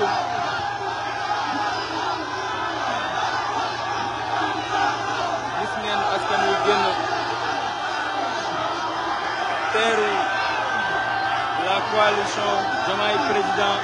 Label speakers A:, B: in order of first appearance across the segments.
A: antum gis ngeen askan wi génn teeru la coalition Diomaye Président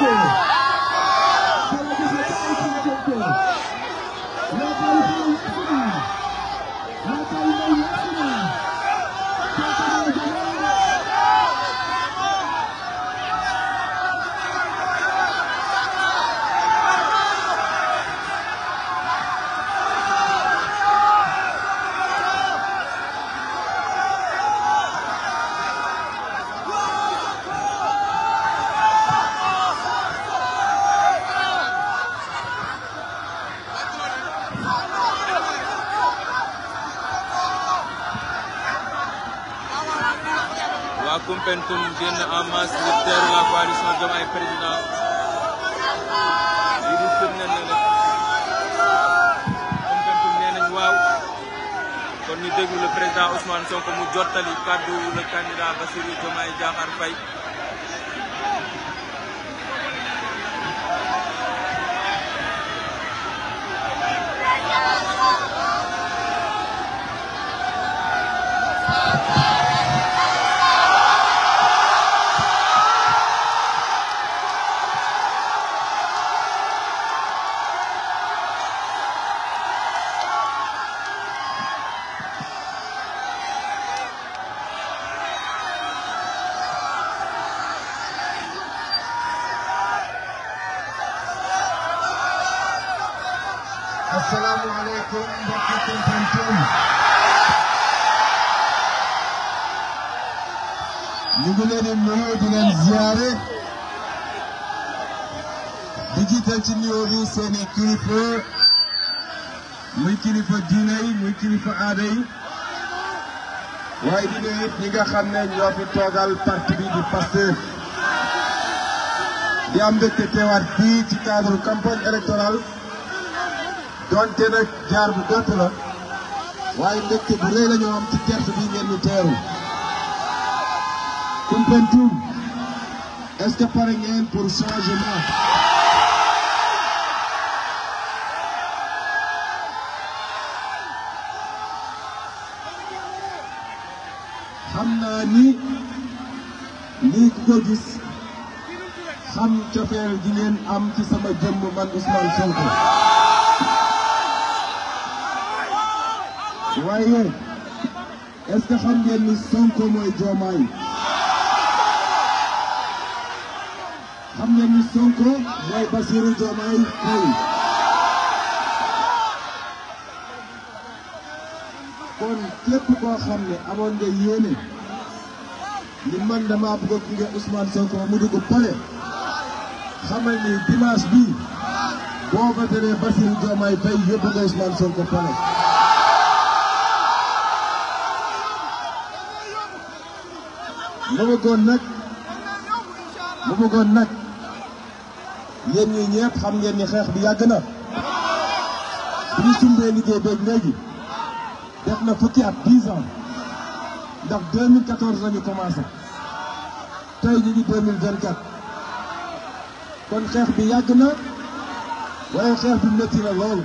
A: Thank you. Koumpentoum génn en masse ngir teeru la coalition Diomaye Président lii di firndeel na nag Koumpentoum nee nañ waaw kon ñu déglu le président Ousmane
B: Sonko mu jottali kàddu le candidat Bassirou Diomaye Diakhar Faye diine muy kilifa aada waaye di nuyu ñi nga xam ne ñoo fi toogal parti bi di Pastef di am mbégte teewaat ci cadre campagne électorale donte nag jaar bu gàtt la waaye mbégte bu rëy la am ci gerte bi ngeen ñu teeru. Koumpentoum est-ce que pare ngeen pour changement. ko gis xam cofeel gi ngeen am ci sama jëmm man Ousmane waaye est xam ngeen Sonko mooy Diomaye xam ngeen kon képp koo xam ne amoon nga yéene ni man damaa bëgg a gunge Ousmane Sonko mu dugg pale xamal ni dimanche bii boo ko teree Bassirou Diomaye Faye yóbbu nga Ousmane Sonko pale ma bëggoon nag ma bëggoon nag yéen ñi ñëpp xam ngeen ni xeex bi yàgg na bi ñu sumbee liggéey beeg léegi def na fukki at 10 ndax 2014 la ñu commencé tey ñu ngi 2024 kon xeex bi yàgg na waaye xeex bi métti na lool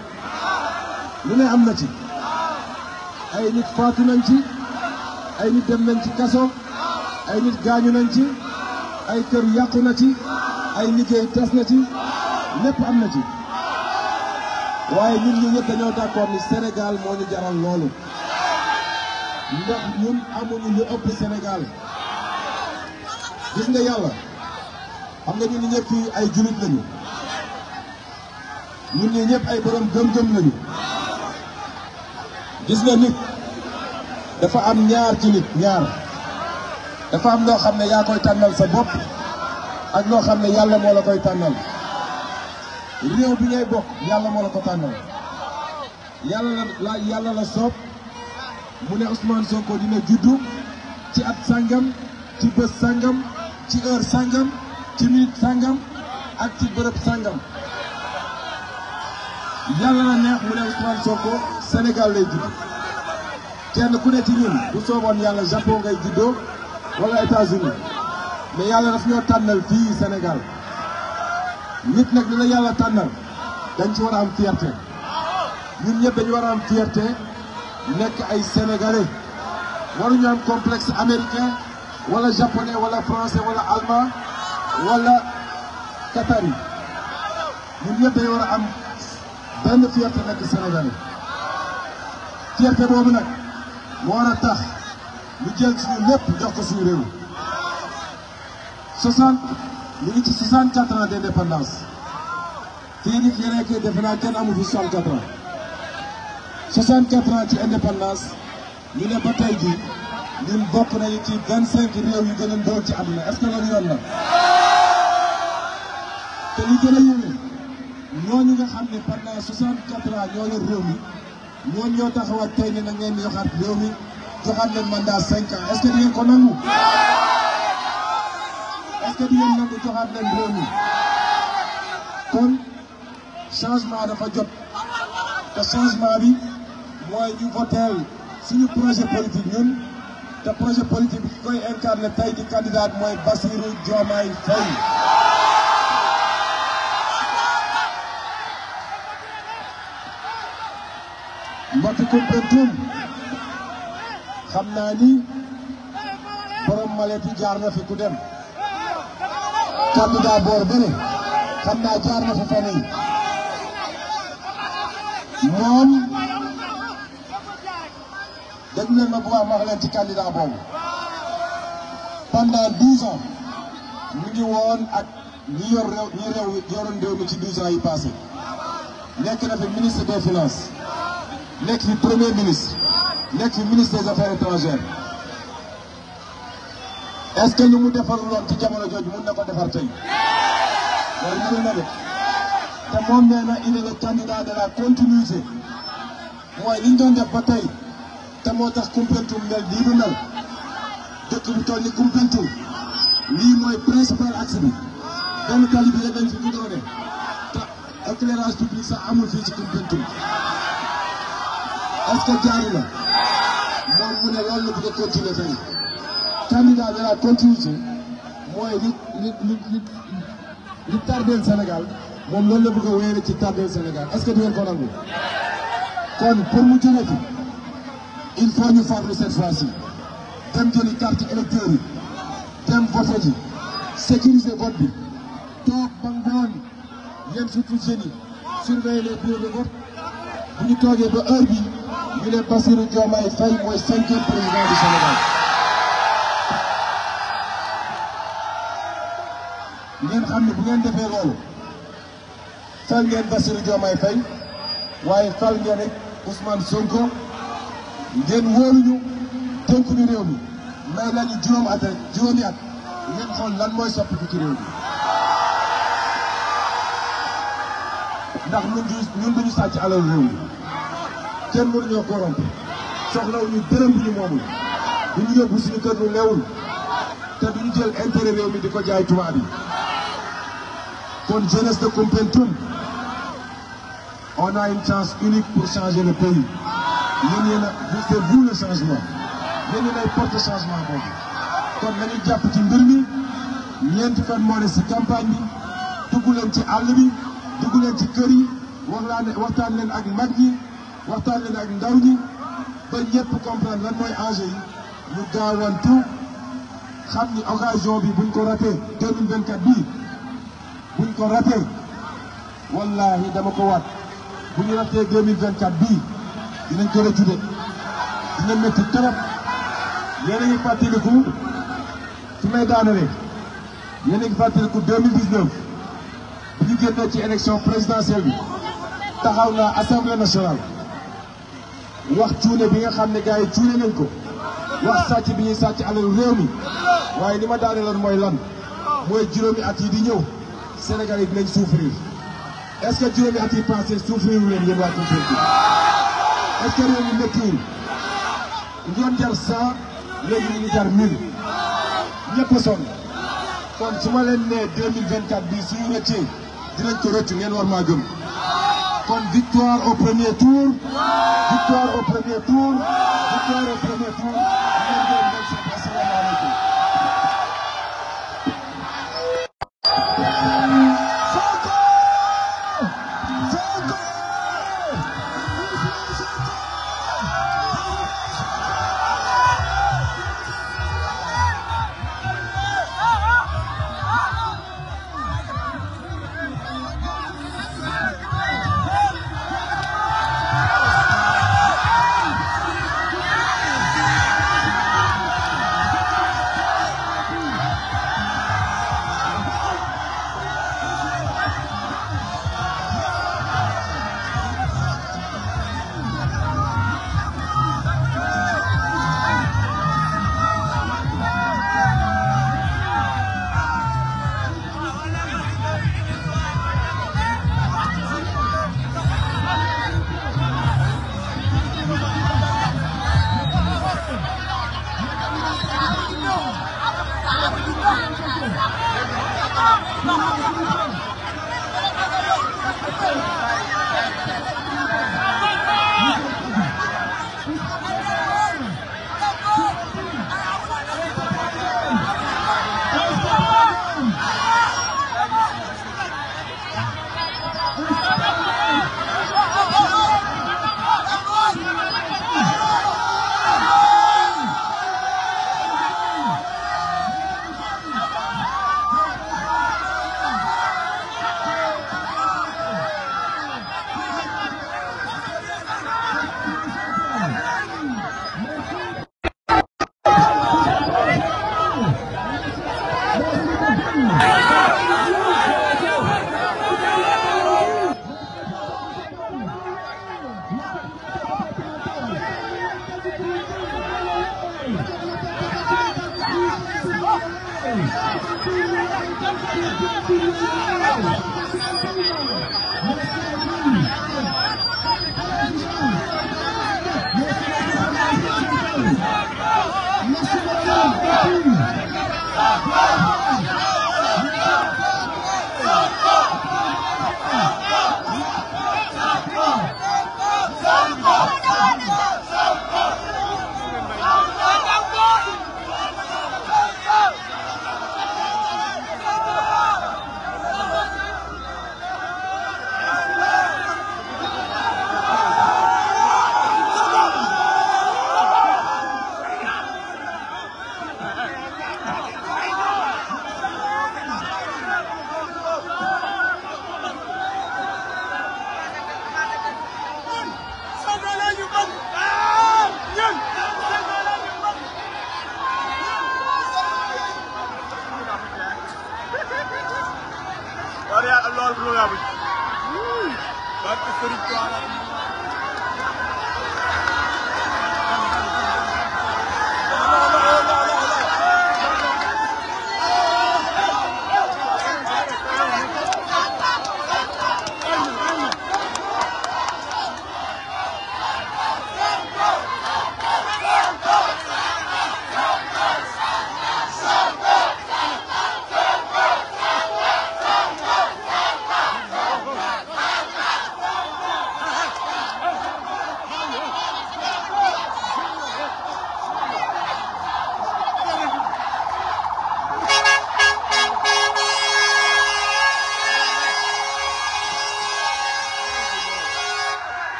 B: lu ne am na ci ay nit faatu nañ ci ay nit dem nañ ci kaso ay nit gaañu nañ ci ay kër yàqu na ci ay liggéey tas na ci lépp am na ci waaye ñun ñi ñëpp dañoo d'accord ni Sénégal moo ñu jaral loolu ndax ñun amuñu lu ëpp Sénégal gis nga yàlla xam nga ñun ñëpp ay jullit lañu ñun ñii ñëpp ay borom gëm-gëm lañu gis nga nit dafa am ñaar ci ñaar dafa am loo xam ne yaa koy tànnal sa bopp ak loo xam ne yàlla moo la koy tànnal réew bi ngay bokk yàlla moo la ko tànnal yàlla la yàlla la soob. mu ne Ousmane Sonko dina juddu ci at sangam ci bés sangam ci heure sangam ci minute sàngam ak ci bërëb sàngam yàlla na neex mu ne Ousmane Sonko Sénégal lay judd kenn ku ne ci ñun bu sooboon yàlla Japon ngay juddoo wala États-Unis mais yàlla daf ñoo tànnal fii Sénégal nit nag dina yàlla tànnal dañ ci war a am fierté ñun ñëpp dañu war a am fierté. nekk ay sénégalais waruñu am complexe américain wala japonais wala français wala allemand wala qatari ñun ñëpp dañu war a am benn fierté nekk sénégalais fierté boobu nag moo war a tax ñu jël suñu lépp jox ko suñu réew. 60 ñu ngi ci 64 ans d'indépendance kii nii yéen a ngi koy defe naa kenn amu fi 64 ans. 64 ans ci indépendance ñu ne ba tey jii ñun bokk nañu ci 25 réew yu gën a ndóol ci àdduna est-ce que loolu yoon la. te li gën a yëngu ñooñu nga xam ne pendant 64 ans ñoo yor réew mi ñooñu ñoo taxawaat tey ne na ngeen yoxaat réew mi joxaat leen mandat 5 ans est-ce que di ngeen ko nangu. est-ce que di ngeen nangu joxaat leen réew mi kon changement dafa jot te changement bi. mooy ñu voteel suñu projet politique ñun te projet politique bi koy incarné tey di candidat mooy Bassirou Diomaye Faye mbokk Koumpentoum xam naa ni borom maletu jaar na fi ku dem candidat boor bële xam naa jaar na fi fan yi moom xam leen ma leen ci candidat boobu pendant douze ans mi ngi woon ak ñi ci douze yi passé nekk na fi ministre des finances nekk fi premier ministre nekk affaires étrangères est-ce que mu defar loon ci jamono jooju mun na ko defar tey loolu mënul na de te moom nee na il est le candidat de la continuité mooy li ñu ba tey te moo tax Koumpentoum mel lii du mel dëkk bu toll ni Koumpentoum lii mooy principal axe bi benn tali bi rek lañ fi doone te éclairage public sax amul fii ci Koumpentoum est jaari la moom mu ne loolu la bëgg a continuer tey candidat de la continuité mooy li li li moom loolu la bëgg ci tardeel Sénégal est-ce que di ngeen kon pour mu jóge il faut ñu farlu cette fois-ci dem jëli carte électeur yi dem voté ji sécuriser vote bi toog ba ngoon yéen surtout jeunes yi surveiller les bureaux de bu ñu toogee ba heure bi ñu ne Bassirou Diomaye Faye mooy ngeen xam ne bu ngeen defee loolu fal ngeen Bassirou Diomaye Faye waaye fal ngeen it Sonko. ngeen wóoluñu dénk réew mi may la juróom at rek juróomi at ngeen xool lan mooy soppiku ci réew mi. ndax ñun du ñun duñu sàcc alal réew mi kenn mënuñoo corrompre soxlawu ñu dërëm bu moomul du ñu yóbbu suñu kër lu leewul te duñu jël intérêt réew mi di ko jaay tubaab yi kon jeunesse de Koumpentoum on a une chance unique pour changer le pays. yéen yéen a c'est vous le changement yéen yéen ay porte changement boobu kon nañu jàpp ci mbir mi ñeenti fan moo ne si campagne bi dugg leen ci àll bi dugg leen ci kër yi waxtaan waxtaan leen ak mag ñi waxtaan leen ak ndaw ñi ba ñëpp comprendre lan mooy enjeu yi ñu gaawantu xam ni occasion bi buñ ko raté 2024 bii buñ ko raté wallaahi dama ko wat bu ñu raté 2024 bii. dinañ ko rëccu de dina métti trop yéen a ngi fàttaliku fi may daanalee yéen a ngi fàttaliku 2019 bi ñu génnee ci élection présidentielle bi taxaw naa assemblée nationale wax cuune bi nga xam ne gars yi cuune nañ ko wax sàcc bi ñuy sàcc alalu réew mi waaye li ma daaneeloon mooy lan mooy juróomi at yi di ñëw Sénégal yi dinañ souffrir est-ce que juróomi at yi passé souffrir wu leen yéen waa Koumpentoum ak réew mi métti yi ñu doon jar cent léegi ñu ngi jar mille ñëpp sonn kon su ma leen nee deux mille rëccee dinañ ko rëcc ngeen war maa gëm. kon victoire au premier tour. victoire au premier tour. victoire au premier tour.
A: Let's go!